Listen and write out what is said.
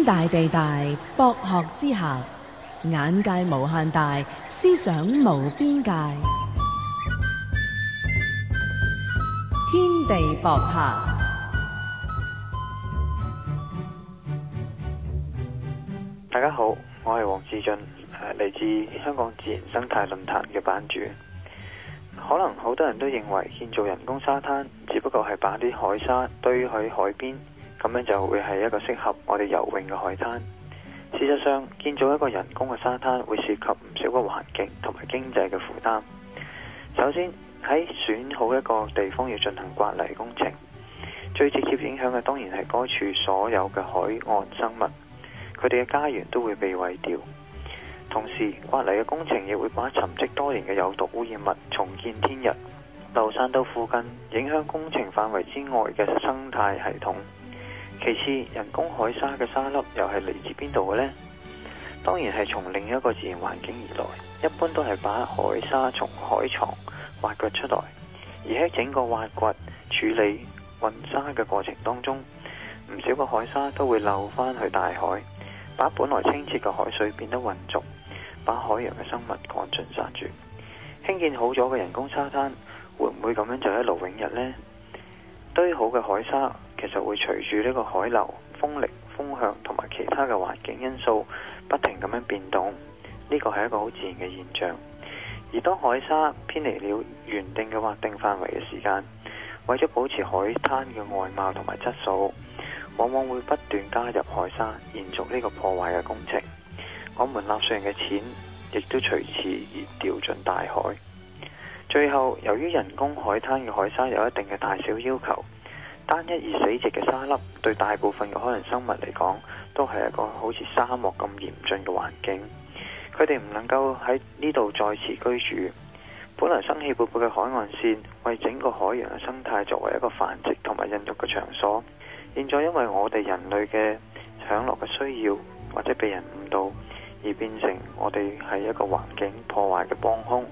天大地大，博學之下，眼界無限大，思想無邊界。天地博客，大家好，我係黃志俊，嚟自香港自然生態論壇嘅版主。可能好多人都認為建造人工沙灘只不過係把啲海沙堆喺海邊。咁樣就會係一個適合我哋游泳嘅海灘。事實上，建造一個人工嘅沙灘會涉及唔少嘅環境同埋經濟嘅負擔。首先，喺選好一個地方要進行刮泥工程，最直接影響嘅當然係該處所有嘅海岸生物，佢哋嘅家園都會被毀掉。同時，刮泥嘅工程亦會把沉積多年嘅有毒污染物重見天日，流散到附近影響工程範圍之外嘅生態系統。其次，人工海沙嘅沙粒又係嚟自邊度嘅呢？當然係從另一個自然環境而來，一般都係把海沙從海床挖掘出來，而喺整個挖掘、處理、運沙嘅過程當中，唔少嘅海沙都會漏返去大海，把本來清澈嘅海水變得渾濁，把海洋嘅生物趕盡殺絕。興建好咗嘅人工沙灘，會唔會咁樣就一勞永逸呢？堆好嘅海沙。其實會隨住呢個海流、風力、風向同埋其他嘅環境因素，不停咁樣變動。呢個係一個好自然嘅現象。而當海沙偏離了原定嘅劃定範圍嘅時間，為咗保持海灘嘅外貌同埋質素，往往會不斷加入海沙，延續呢個破壞嘅工程。我們納稅人嘅錢亦都隨時而掉進大海。最後，由於人工海灘嘅海沙有一定嘅大小要求。單一而死寂嘅沙粒，對大部分嘅海洋生物嚟講，都係一個好似沙漠咁嚴峻嘅環境。佢哋唔能夠喺呢度再次居住。本來生氣勃勃嘅海岸線，為整個海洋嘅生態作為一個繁殖同埋孕育嘅場所，現在因為我哋人類嘅享樂嘅需要，或者被人誤導，而變成我哋係一個環境破壞嘅幫兇。